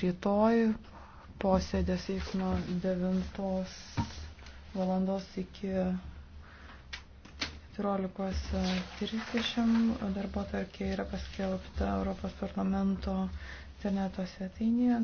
rytoj posėdės vyks nuo 9 valandos iki 14.30. Darbo tarkė yra paskelbta Europos parlamento interneto svetainėje.